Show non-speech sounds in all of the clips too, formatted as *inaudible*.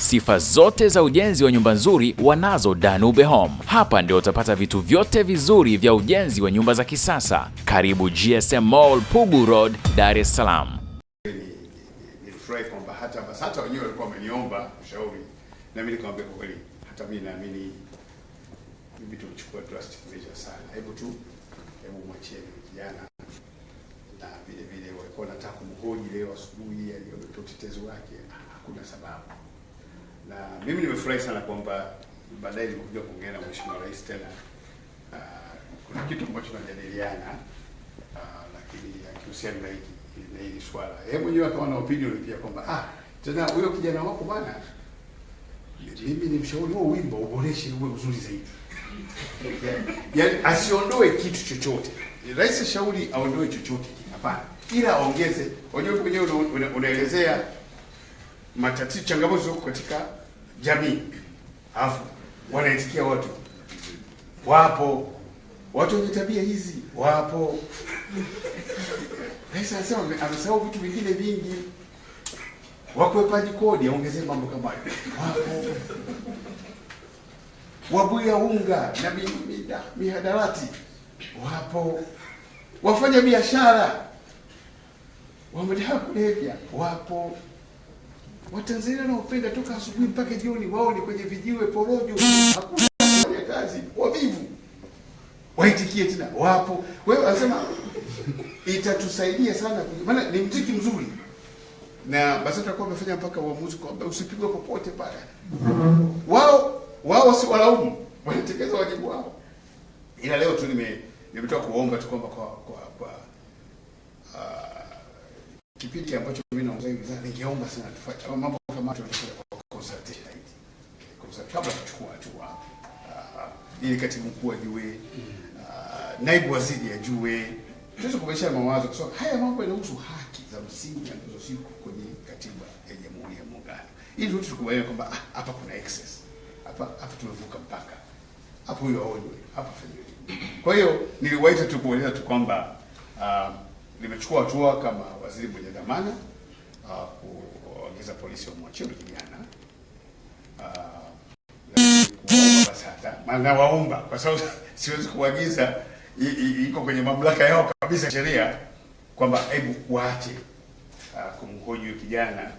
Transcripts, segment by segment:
Sifa zote za ujenzi wa nyumba nzuri wanazo Danube Home. Hapa ndio utapata vitu vyote vizuri vya ujenzi wa nyumba za kisasa. Karibu GSM Mall, Pugu Road, Dar es Salaam. Nilifurahi kwamba hata BASATA wenyewe walikuwa wameniomba ushauri, na mimi nikamwambia kwa kweli, hata mimi naamini tumechukua drastic measure sana. Hebu tu hebu mwachie na vile vile walikuwa wanataka kumhoji leo asubuhi, wake, hakuna sababu na mimi nimefurahi sana kwamba baadaye nimekuja kuongea na Mheshimiwa Rais tena. Uh, kuna kitu ambacho tunajadiliana uh, lakini akihusiana na hiki na hili swala, yeye mwenyewe akawa na opinion pia kwamba ah, tena huyo kijana wako bwana, mimi ni mshauri huo wimbo uboreshe uwe mzuri zaidi *laughs* yaani asiondoe kitu chochote. Rais shauri aondoe chochote, hapana, ila aongeze. Wajua mwenyewe unaelezea matatizo, changamoto katika jamii, alafu wanaitikia watu wapo watu wenye tabia hizi wapo. Rais anasema amesahau vitu vingine vingi, wakwepaji kodi, aongezee mambo kama hayo, wapo wabuya unga na mihadarati, wapo wafanya biashara kulevya wapo Watanzania wanaopenda toka asubuhi mpaka jioni, wao ni kwenye vijiwe porojo, hakuna ya kazi, wavivu. Waitikie tena, wapo. Wewe unasema itatusaidia sana, maana ni mziki mzuri na basi tutakuwa tumefanya mpaka uamuzi kwamba usipigwe popote pale. Wao wao wasiwalaumu, wanatekeleza wajibu wao, ila leo tu nime nimetoka kuomba tu kwamba kwa kwa, kwa kipindi ambacho mimi na hivi sasa, ningeomba sana tufanye mambo kama hayo, tunataka kwa consultation hii kwa kabla tuchukua tu uh, ili katibu mkuu ajue uh, naibu waziri ajue, tuweze kubadilisha mawazo, kwa sababu haya mambo yanahusu haki za msingi ambazo ziko kwenye katiba ya Jamhuri ya Muungano, ili wote tukubaliane kwamba ah, hapa kuna excess, hapa hapa tumevuka mpaka, hapo huyo aonywe, hapa fanyeni Kwa hiyo niliwaita tu kueleza tu kwamba uh, nimechukua hatua kama waziri mwenye dhamana uh, kuongeza polisi wamwachie yule kijana uh, nawaomba kwa sababu *laughs* siwezi kuagiza, iko kwenye mamlaka yao kabisa sheria kwamba hebu waache uh, kumhoji huyo kijana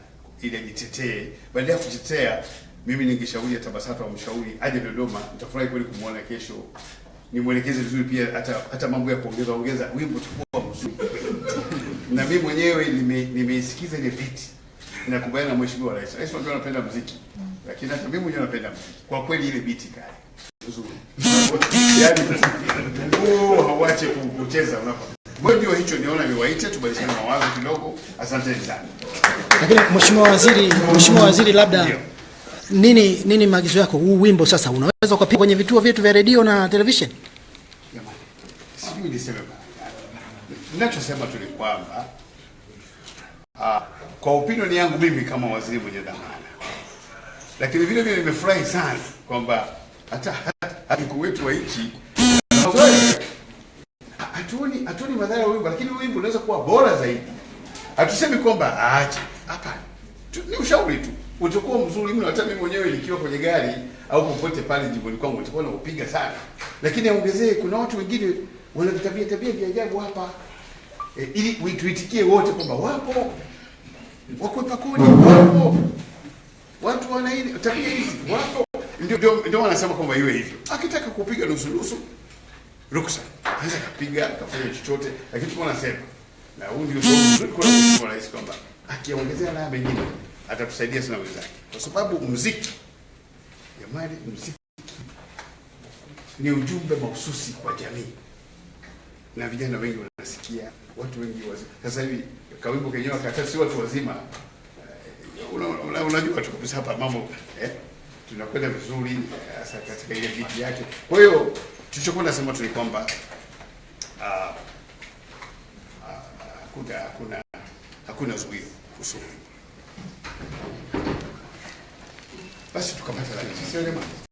ili ajitetee. Baada ya kutetea, mimi ningeshauri hata BASATA wamshauri aje Dodoma. Nitafurahi kweli kumwona kesho, nimwelekeze vizuri pia, hata hata mambo ya kuongeza ongeza wimbo na mimi mwenyewe nimeisikiza nime ile viti nakubaliana na mheshimiwa rais. Rais wangu anapenda muziki. Lakini hata mimi mwenyewe napenda muziki. Kwa kweli ile biti kali. Nzuri. Yaani nguo oh, hawache kucheza unapo. Kwa hiyo hicho niona niwaite tubadilishane mawazo kidogo. Asante sana. Lakini mheshimiwa waziri, mheshimiwa waziri labda nini nini maagizo yako? Huu wimbo sasa unaweza kupigwa kwenye vituo vyetu vya redio na television? Jamani. Sijui niseme Ninachosema tu ni kwamba ah, kwa opinioni yangu mimi kama waziri mwenye dhamana, lakini vile vile nimefurahi sana kwamba hata mkuu wetu wa nchi hatuoni hatuoni madhara ya wimbo, lakini wimbo unaweza kuwa bora zaidi. Hatusemi kwamba aache, hapana, ni ushauri tu, utakuwa mzuri mno. Hata mimi mwenyewe nikiwa kwenye gari au popote pale jimboni kwangu utakuwa naupiga sana, lakini aongezee, kuna watu wengine wana vitabia tabia vya ajabu hapa e, ili tuitikie wote kwamba wapo wakwepa kodi, mm. wapo watu wana tabia hizi, wapo. Ndio ndio wanasema kwamba iwe hivyo. Akitaka kupiga nusu nusu, ruksa, anaweza kapiga kafanya chochote, lakini tuko nasema na huu ndio mzuri kwa mheshimiwa rais kwamba akiongezea la mengine atatusaidia sana wenzake, kwa sababu muziki jamani, muziki ni ujumbe mahususi kwa jamii na vijana wengi wanasikia, watu wengi wazi. Sasa hivi kawimbo kenyewe kata si watu wazima, unajua eh, una, una, una tu kabisa hapa mambo eh, tunakwenda vizuri eh, hasa katika ile viti yake. Kwa hiyo tulichokuwa nasema tu ni kwamba ah, ah, hakuna uh, hakuna hakuna zuio kuhusu basi lakini sio